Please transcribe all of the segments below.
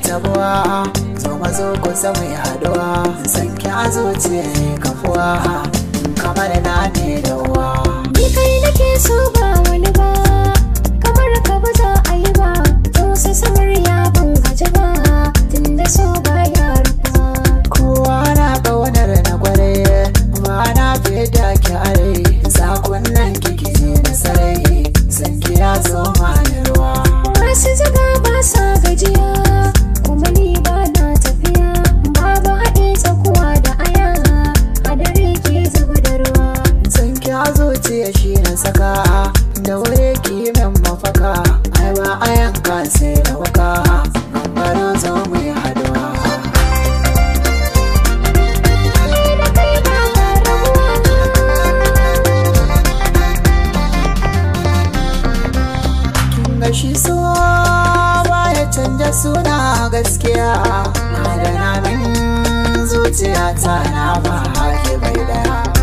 tabuwa zo mazo ku zama yaduwa san ki a zuciya kafuwa da wuri kimin mafaka ai ba a yanka sai da waka gambaro zo mu yi haduwa Gashi so baya canza suna gaskiya Madana min zuciya ta na ba hake bai daya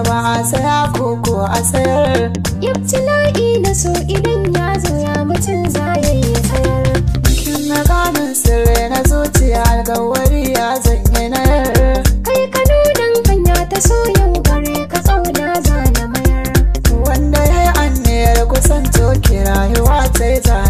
ba a saya koko a sayar la'i na so idan ya zo ya mutum za ya yi sayar kin na ganin sirri na zuciya alkawari ya zanye na kai ka nunan hanya ta so yau gare ka tsauna zana mayar wanda ya yi anniyar kusanto ki rayuwa ta yi